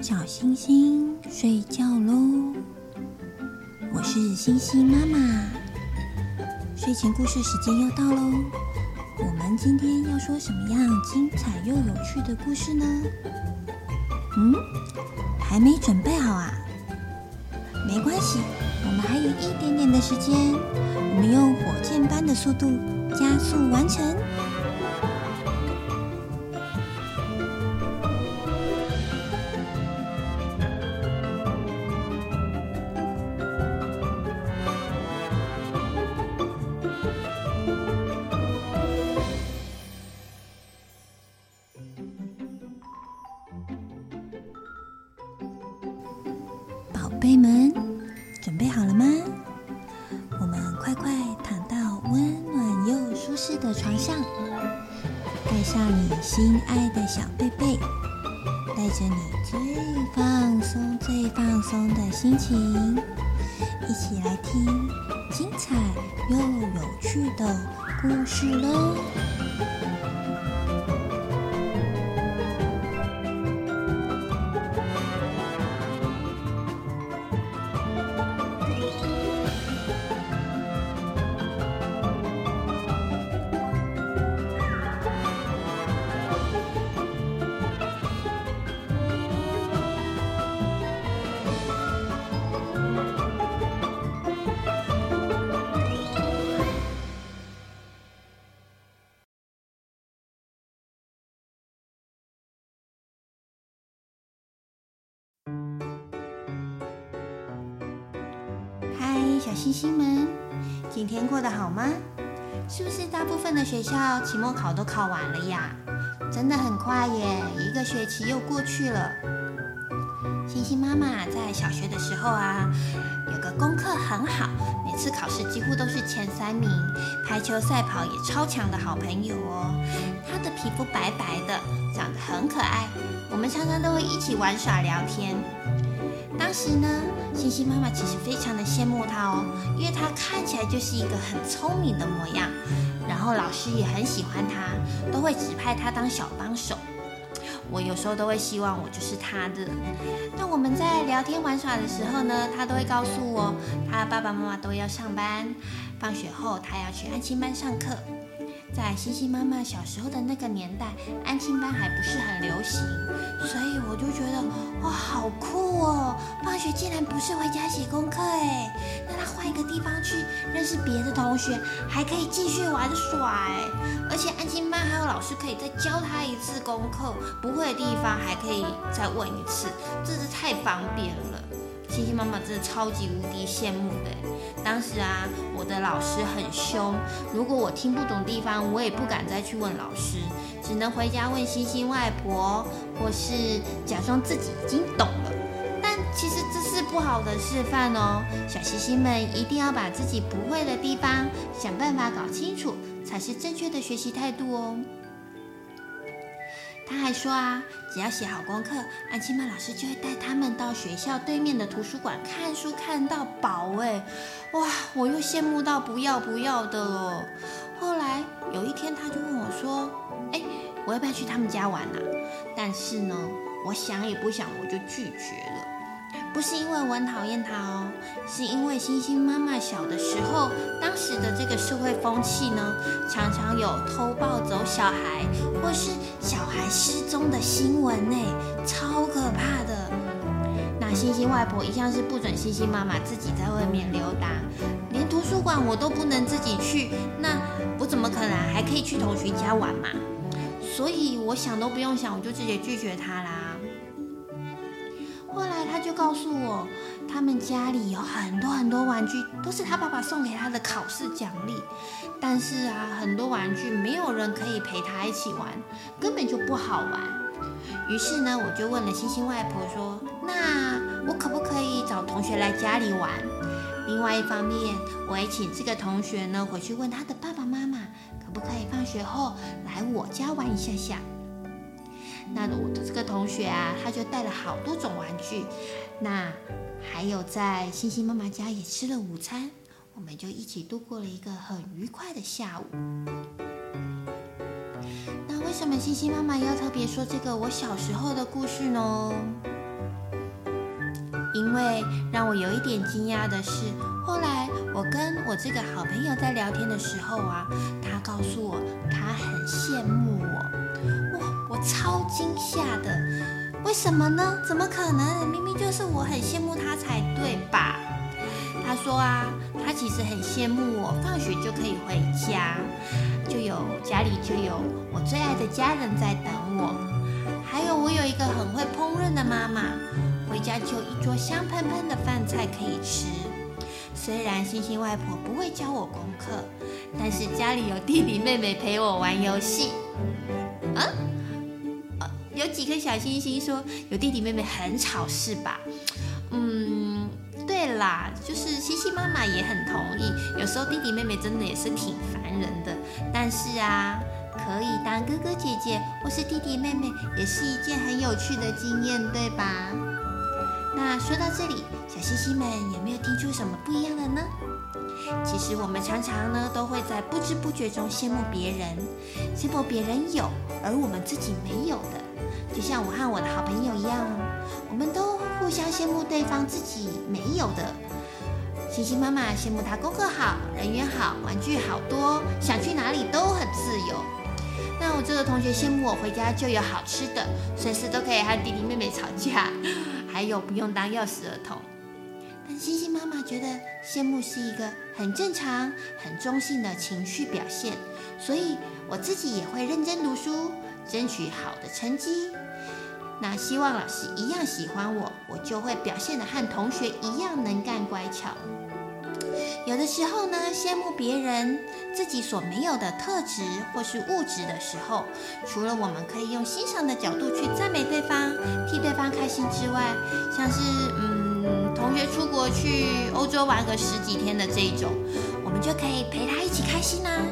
小星星睡覺嘍，我是星星媽媽。睡前故事時間要到嘍，我們今天要說什麼樣精彩又有趣的故事呢？嗯，還沒準備好啊。沒關係，我們還有一點點的時間，我們用火箭般的速度加速完成。的床上，帶上你心愛的小貝貝，帶着你最放鬆、最放鬆的心情，一起來聽精彩又有趣的故事嘍！小星星們，今天過得好嗎？是不是大部分的學校期末考都考完了呀？真的很快耶，一個學期又過去了。星星媽媽在小學的時候啊，有個功課很好，每次考試幾乎都是前三名，排球賽跑也超強的好朋友哦。她的皮膚白白的，長得很可愛，我們常常都會一起玩耍聊天。當時呢，星星媽媽其實非常的羨慕她哦，因為她看起來就是一個很聰明的模樣，然後老師也很喜歡她，都會指派她當小幫手。我有時候都會希望我就是她的。但我們在聊天玩耍的時候呢，她都會告訴我，她爸爸媽媽都要上班，放學後她要去安親班上課。在星星媽媽小時候的那個年代，安親班還不是很流行，所以我就覺得哇，好酷哦！放學竟然不是回家寫功課，哎，那他換一個地方去認識別的同學，還可以繼續玩耍耶，而且安親班還有老師可以再教他一次功課，不會的地方還可以再問一次，真是太方便了。星星媽媽真的超級無敵羨慕的。當時啊，我的老師很兇，如果我聽不懂地方，我也不敢再去問老師，只能回家問星星外婆，或是假裝自己已經懂了。但其實這是不好的示範哦，小星星們一定要把自己不會的地方想辦法搞清楚，才是正確的學習態度哦。他還說啊，只要寫好功課，安琪瑪老師就會帶他們到學校對面的圖書館看書，看到飽。哎，哇，我又羨慕到不要不要的了哦。後來有一天，他就問我說：“哎，我要不要去他們家玩啊？”但是呢，我想也不想，我就拒絕了。不是因為我很討厭他哦，是因為星星媽媽小的時候，當時的這個社會風氣呢，常常有偷抱走小孩或是小孩失蹤的新聞呢，超可怕的。那星星外婆一向是不准星星媽媽自己在外面溜達，連圖書館我都不能自己去，那我怎麼可能、啊、還可以去同學家玩嘛？所以我想都不用想，我就直接拒絕他啦。後來他就告訴我，他們家裡有很多很多玩具，都是他爸爸送給他的考試獎勵。但是啊，很多玩具沒有人可以陪他一起玩，根本就不好玩。於是呢，我就問了星星外婆說：“那我可不可以找同學來家裡玩？”另外一方面，我也請這個同學呢回去問他的爸爸媽媽，可不可以放學後來我家玩一下下。那我的這個同學啊，他就帶了好多種玩具。那還有在星星媽媽家也吃了午餐，我們就一起度過了一個很愉快的下午。那為什麼星星媽媽要特別說這個我小時候的故事呢？因為讓我有一點驚訝的是，後來我跟我這個好朋友在聊天的時候啊，他告訴我他很羨慕。超驚嚇的，為什麼呢？怎麼可能？明明就是我很羨慕他才對吧？他說啊，他其實很羨慕我，放學就可以回家，就有家裡就有我最愛的家人在等我，還有我有一個很會烹飪的媽媽，回家就一桌香噴噴的飯菜可以吃。雖然星星外婆不會教我功課，但是家裡有弟弟妹妹陪我玩遊戲，啊。有幾顆小星星說：“有弟弟妹妹很吵，是吧？”嗯，對啦，就是星星媽媽也很同意。有時候弟弟妹妹真的也是挺煩人的，但是啊，可以當哥哥姐姐或是弟弟妹妹，也是一件很有趣的經驗，對吧？那說到這裡，小星星們有沒有聽出什麼不一樣的呢？其實我們常常呢都會在不知不覺中羨慕別人，羨慕別人有而我們自己沒有的。就像我和我的好朋友一樣哦，我們都互相羨慕對方自己沒有的。星星媽媽羨慕她功課好、人緣好、玩具好多，想去哪裡都很自由。那我這個同學羨慕我回家就有好吃的，隨時都可以和弟弟妹妹吵架，還有不用當鑰匙兒童。但星星媽媽覺得羨慕是一個很正常、很中性的情緒表現，所以我自己也會認真讀書，爭取好的成績，那希望老師一樣喜歡我，我就會表現得和同學一樣能幹乖巧。有的時候呢，羨慕別人自己所沒有的特質或是物質的時候，除了我們可以用欣賞的角度去讚美對方，替對方開心之外，像是嗯，同學出國去歐洲玩個十幾天的這一種。我們就可以陪他一起開心啦、啊，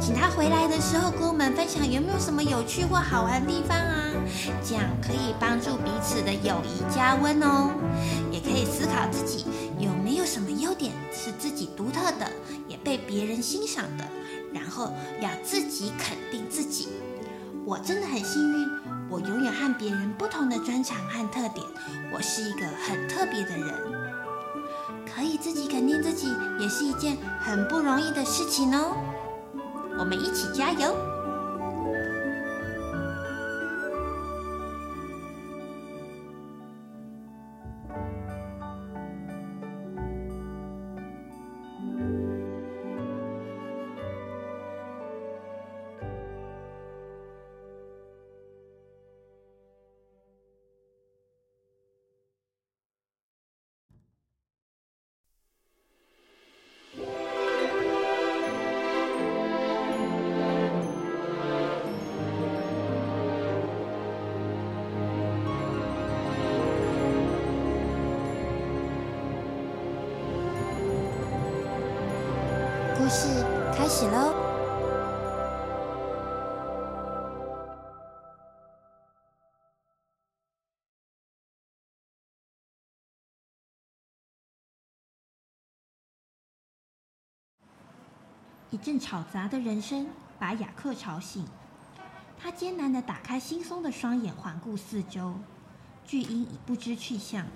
請他回來的時候跟我們分享有沒有什麼有趣或好玩的地方啊，這樣可以幫助彼此的友誼加溫哦。也可以思考自己有沒有什麼優點是自己獨特的，也被別人欣賞的，然後要自己肯定自己。我真的很幸運，我擁有和別人不同的專長和特點，我是一個很特別的人。可以自己肯定自己，也是一件很不容易的事情哦，我們一起加油。一陣吵雜的人聲把亞克吵醒，他艱難地打開惺忪的雙眼，環顧四周，巨鷹已不知去向，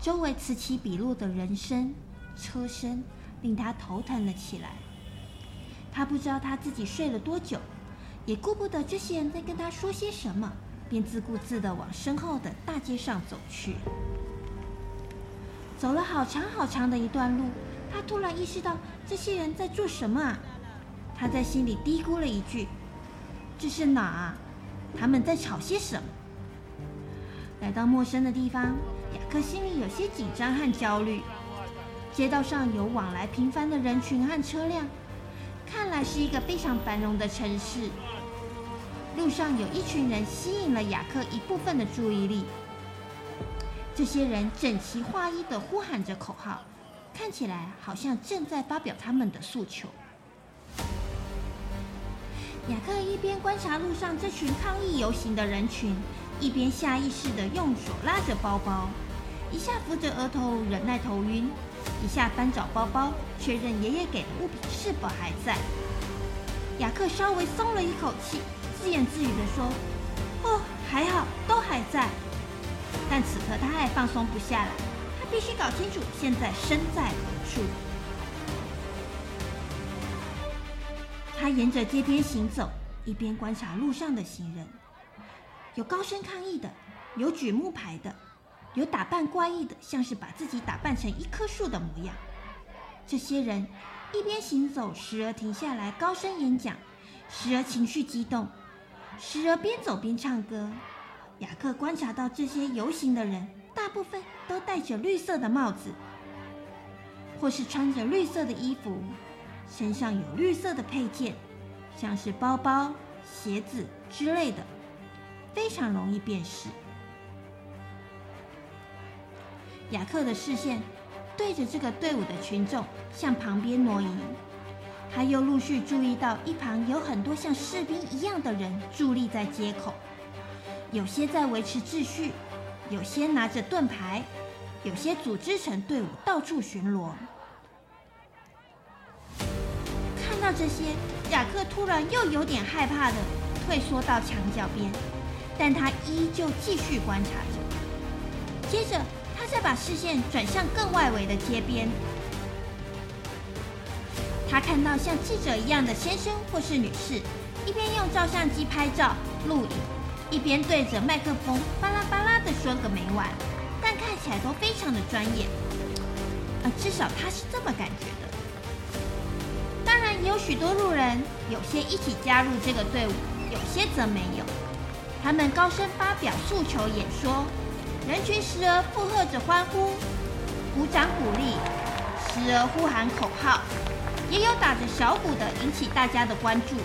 周圍此起彼落的人聲、車聲令他頭疼了起來。他不知道他自己睡了多久，也顧不得這些人在跟他說些什麼，便自顧自地往身後的大街上走去。走了好長好長的一段路。他突然意識到這些人在做什麼啊，他在心裡嘀咕了一句：“這是哪？他們在吵些什麼？”來到陌生的地方，雅克心裡有些緊張和焦慮。街道上有往來頻繁的人群和車輛，看來是一個非常繁榮的城市。路上有一群人吸引了雅克一部分的注意力，這些人整齊劃一的呼喊着口號。看起來好像正在發表他們的訴求。雅克一邊觀察路上這群抗議遊行的人群，一邊下意識的用手拉着包包，一下扶着額頭忍耐頭暈，一下翻找包包確認爺爺給的物品是否還在。雅克稍微鬆了一口氣，自言自語的說：“哦，還好，都還在。”但此刻他還放鬆不下來。必須搞清楚現在身在何處。他沿着街邊行走，一邊觀察路上的行人，有高聲抗議的，有舉木牌的，有打扮怪異的，像是把自己打扮成一棵樹的模樣。這些人一邊行走，時而停下來高聲演講，時而情緒激動，時而邊走邊唱歌。亞克觀察到這些遊行的人。大部分都戴着綠色的帽子，或是穿着綠色的衣服，身上有綠色的配件，像是包包、鞋子之類的，非常容易辨識。亞克的視線對着這個隊伍的群眾向旁邊挪移，他又陸續注意到一旁有很多像士兵一樣的人佇立在街口，有些在維持秩序。有些拿着盾牌，有些組織成隊伍到處巡邏。看到這些，亞克突然又有點害怕的退縮到牆角邊，但他依舊繼續觀察着。接着，他再把視線轉向更外圍的街邊，他看到像記者一樣的先生或是女士，一邊用照相機拍照、錄影，一邊對着麥克風巴拉巴拉。說個沒完，但看起來都非常的專業，啊、呃。至少他是這麼感覺的。當然，也有許多路人，有些一起加入這個隊伍，有些則沒有。他們高聲發表訴求演說，人群時而附和着歡呼、鼓掌鼓勵，時而呼喊口號，也有打着小鼓的引起大家的關注。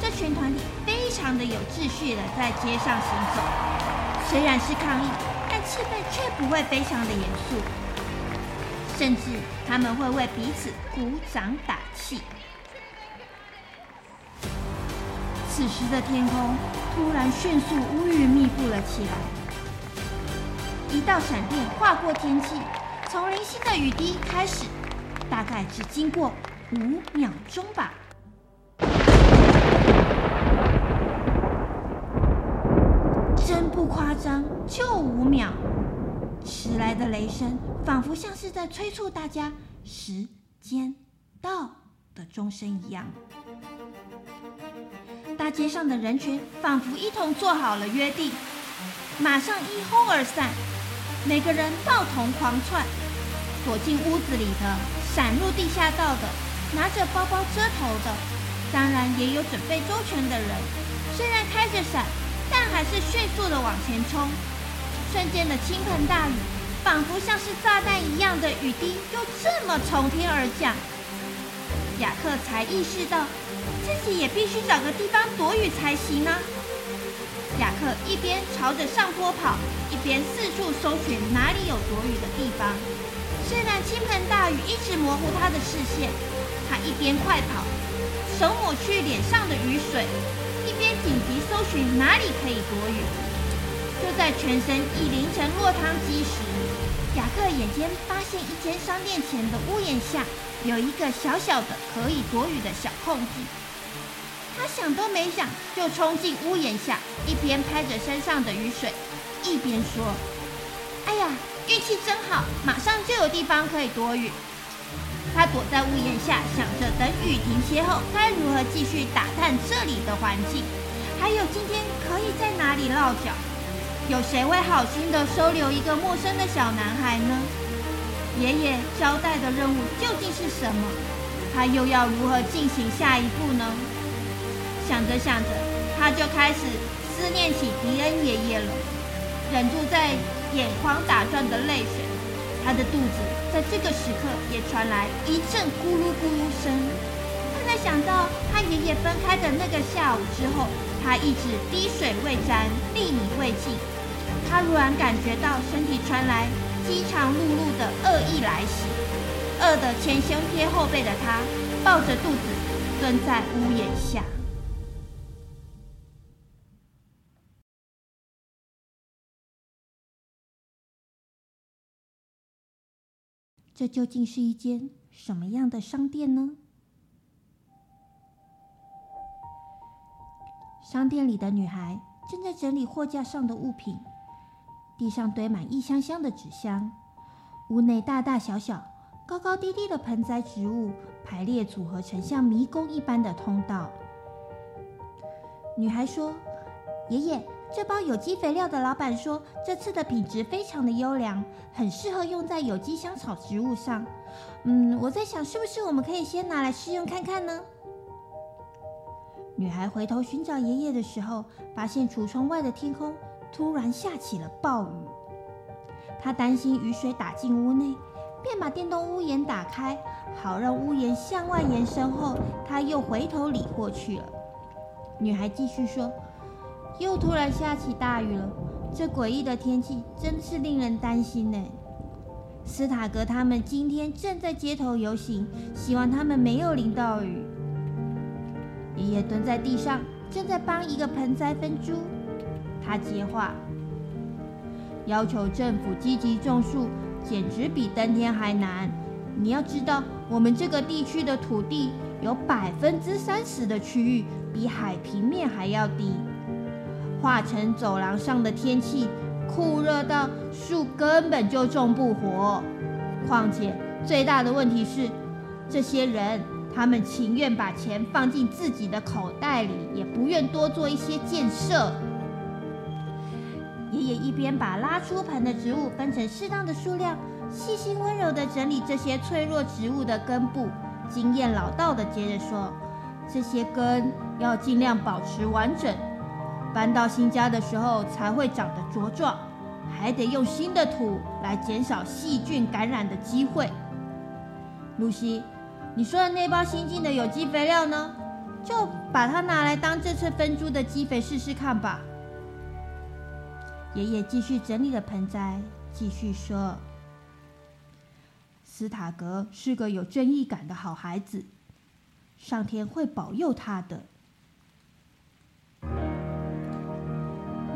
這群團體非常的有秩序的在街上行走。雖然是抗議，但氣氛卻不會非常的嚴肅，甚至他們會為彼此鼓掌打氣。此時的天空突然迅速烏雲密布了起來，一道閃電劃過天際，從零星的雨滴開始，大概只經過五秒鐘吧。不誇張，就五秒。遲來的雷聲仿佛像是在催促大家“時間到”的鐘聲一樣。大街上的人群仿佛一同做好了約定，馬上一哄而散。每個人抱頭狂竄，躲進屋子裡的，閃入地下道的，拿着包包遮頭的，當然也有準備周全的人，雖然開着傘。還是迅速地往前衝，瞬間的傾盆大雨，仿佛像是炸彈一樣的雨滴又這麼從天而降。亞克才意識到，自己也必須找個地方躲雨才行呢、啊。亞克一邊朝着上坡跑，一邊四處搜尋哪裡有躲雨的地方。雖然傾盆大雨一直模糊他的視線，他一邊快跑，手抹去臉上的雨水。邊緊急搜尋哪裡可以躲雨，就在全身一淋成落湯雞時，雅克眼尖發現一間商店前的屋檐下有一個小小的可以躲雨的小空地。他想都沒想就衝進屋檐下，一邊拍着身上的雨水，一邊說：“哎呀，運氣真好，馬上就有地方可以躲雨。”他躲在屋檐下，想着等雨停歇後該如何繼續打探這裡的環境，還有今天可以在哪裡落腳，有誰會好心的收留一個陌生的小男孩呢？爺爺交代的任務究竟是什麼？他又要如何進行下一步呢？想着想着，他就開始思念起迪恩爺爺了，忍住在眼眶打轉的淚水，他的肚子。在這個時刻，也傳來一陣咕嚕咕嚕聲。他在想到，和爺爺分開的那個下午之後，他一直滴水未沾，粒米未進。他突然感覺到身體傳來飢腸轆轆的惡意來襲，餓得前胸貼後背的他，抱着肚子蹲在屋檐下。這究竟是一間什麼樣的商店呢？商店裡的女孩正在整理貨架上的物品，地上堆滿一箱箱的紙箱，屋內大大小小、高高低低的盆栽植物排列組合成像迷宮一般的通道。女孩說：“爺爺。”這包有機肥料的老板說，這次的品質非常的優良，很適合用在有機香草植物上。嗯，我在想，是不是我們可以先拿來試用看看呢？女孩回頭尋找爺爺的時候，發現櫥窗外的天空突然下起了暴雨。她擔心雨水打進屋內，便把電動屋檐打開，好讓屋檐向外延伸後，她又回頭理貨去了。女孩繼續說。又突然下起大雨了，這詭異的天氣真是令人擔心呢。斯塔格他們今天正在街頭游行，希望他們沒有淋到雨。爺爺蹲在地上，正在幫一個盆栽分株。他接話：“要求政府積極種樹，簡直比登天還難。你要知道，我們這個地區的土地有百分之三十的區域比海平面還要低。”化成走廊上的天氣酷熱到樹根本就種不活。況且最大的問題是，這些人他們情願把錢放進自己的口袋裡，也不願多做一些建設。爺爺一邊把拉出盆的植物分成適當的數量，細心溫柔地整理這些脆弱植物的根部，經驗老道的接着說：“這些根要盡量保持完整。”搬到新家的時候才會長得茁壯，還得用新的土來減少細菌感染的機會。露西，你說的那包新進的有機肥料呢？就把它拿來當這次分株的基肥試試看吧。爺爺繼續整理了盆栽，繼續說：“斯塔格是個有正義感的好孩子，上天會保佑他的。”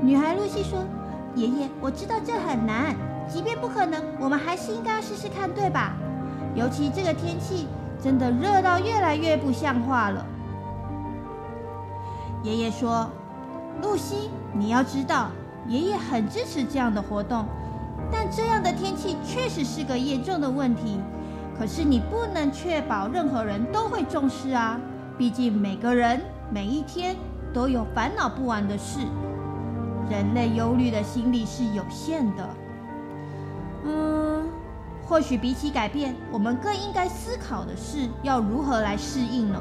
女孩露西說：“爺爺，我知道這很難，即便不可能，我們還是應該要試試看，對吧？尤其這個天氣真的熱到越來越不像話了。”爺爺說：“露西，你要知道，爺爺很支持這樣的活動，但這樣的天氣確實是個嚴重的問題。可是你不能確保任何人都會重視啊，畢竟每個人每一天都有煩惱不完的事。”人類憂慮的心理是有限的，嗯，或許比起改變，我們更應該思考的是要如何來適應呢？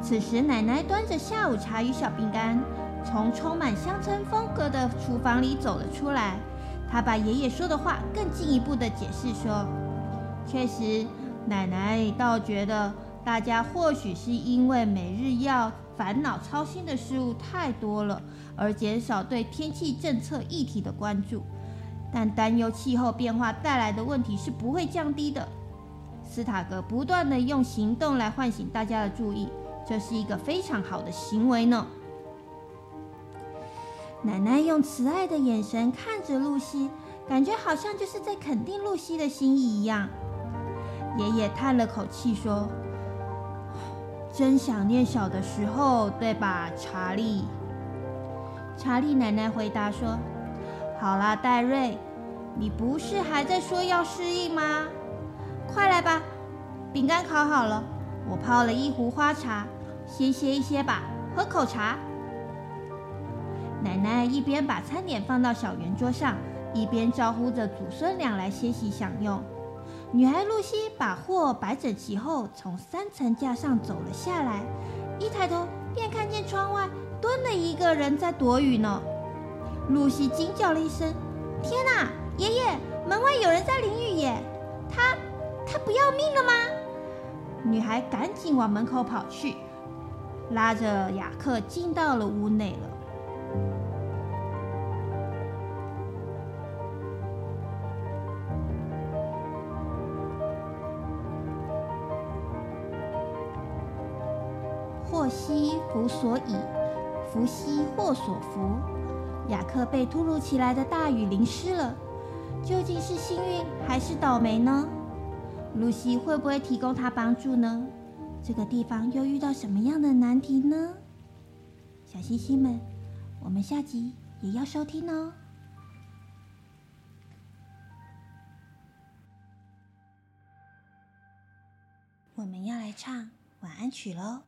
此時，奶奶端着下午茶與小餅乾，從充滿鄉村風格的廚房裡走了出來。她把爺爺說的話更進一步的解釋說：“確實，奶奶倒覺得大家或許是因為每日要……”煩惱、操心的事物太多了，而減少對天氣政策議題的關注，但擔憂氣候變化帶來的問題是不會降低的。斯塔格不斷的用行動來喚醒大家的注意，這是一個非常好的行為呢。奶奶用慈愛的眼神看着露西，感覺好像就是在肯定露西的心意一樣。爺爺嘆了口氣說。真想念小的時候，對吧，查理？查理奶奶回答說：“好啦，戴瑞，你不是還在說要適應嗎？快來吧，餅乾烤好了，我泡了一壺花茶，先歇一歇吧，喝口茶。”奶奶一邊把餐點放到小圓桌上，一邊招呼着祖孫倆來歇息享用。女孩露西把貨擺整齊後，從三層架上走了下來，一抬頭便看見窗外蹲了一個人在躲雨呢。露西驚叫了一聲：“天哪，爺爺，門外有人在淋雨耶！他，他不要命了嗎？”女孩趕緊往門口跑去，拉着亞克進到了屋內了。禍兮福所倚，福兮禍所伏。亞克被突如其來的大雨淋濕了，究竟是幸運還是倒霉呢？露西會不會提供他幫助呢？這個地方又遇到什麼樣的難題呢？小星星們，我們下集也要收聽哦。我們要來唱晚安曲嘍。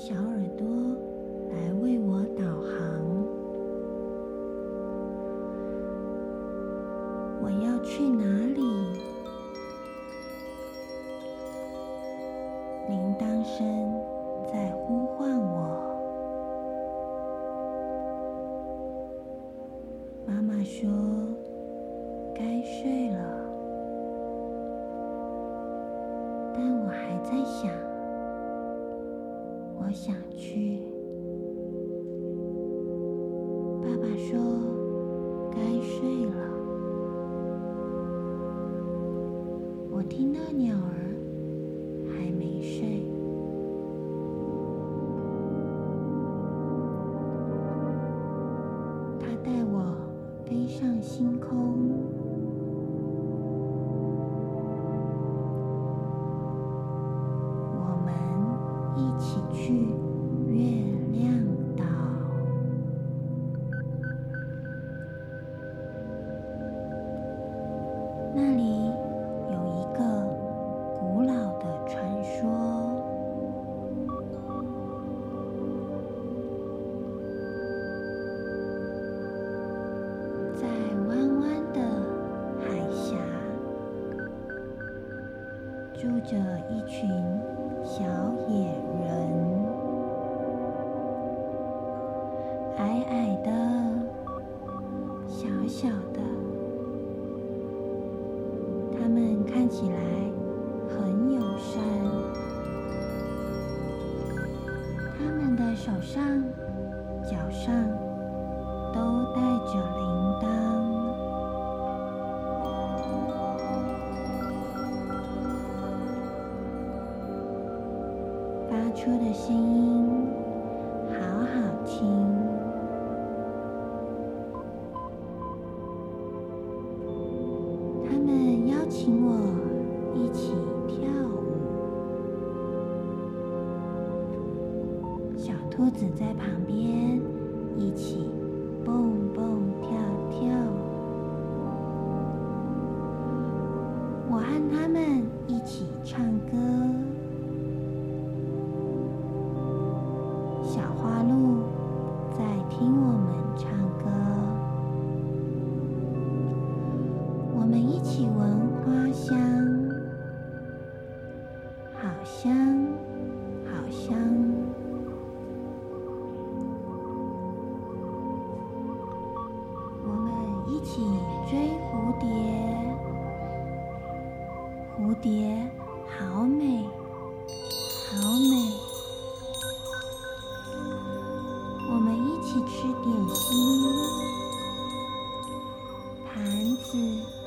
小耳朵。一起去。出的聲音，好好聽。蝴蝶好美，好美。我們一起吃點心，盤子。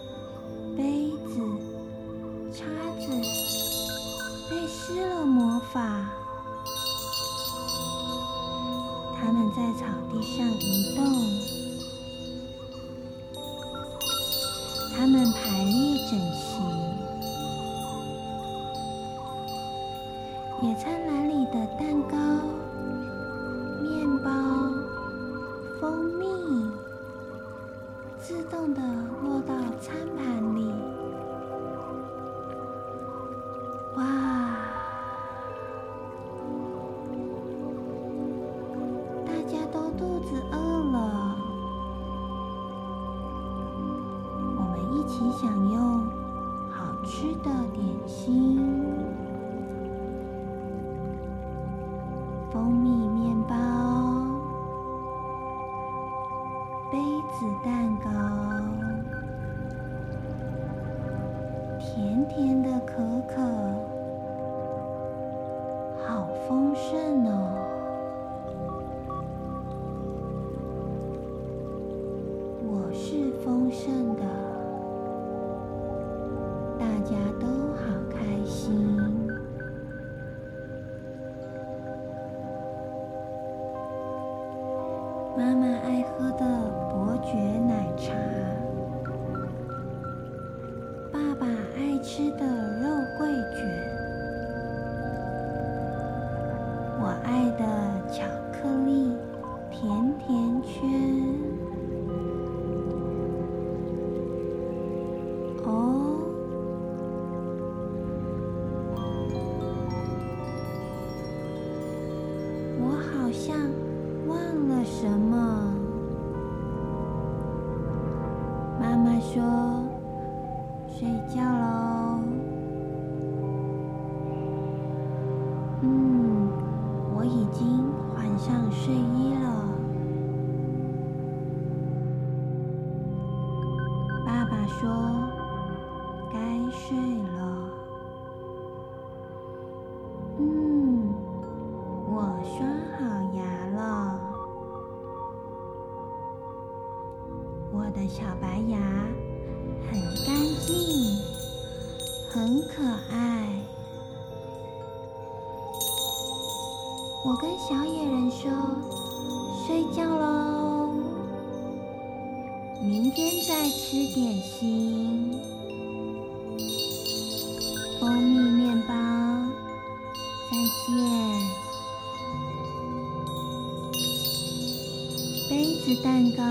行，蜂蜜麵包，再見。杯子蛋糕。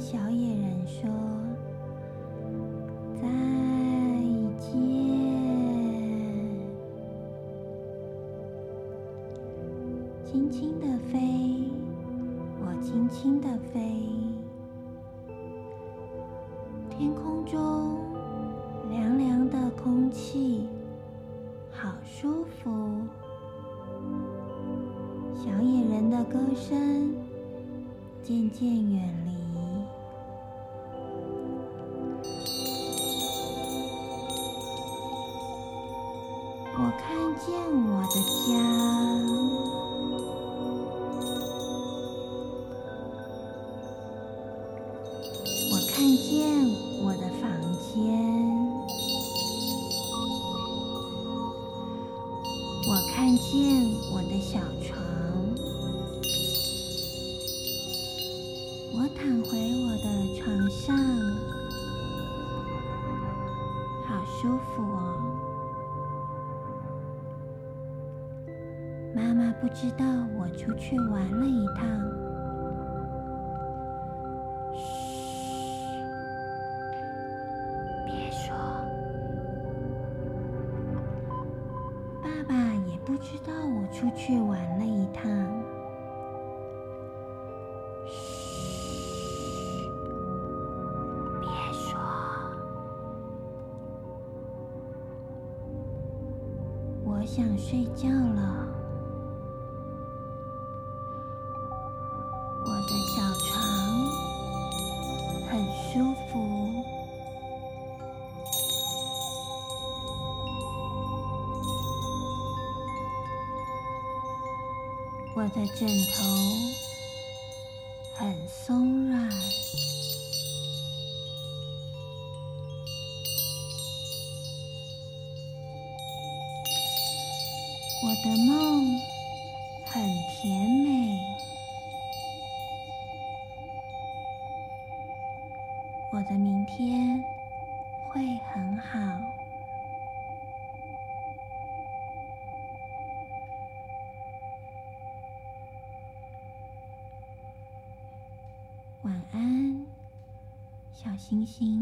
小野人說。回我的床上，好舒服哦。媽媽不知道我出去玩了一趟，噓，別說。爸爸也不知道我出去玩了一趟。我的枕頭很鬆軟，我的夢很甜美，我的明天。星星。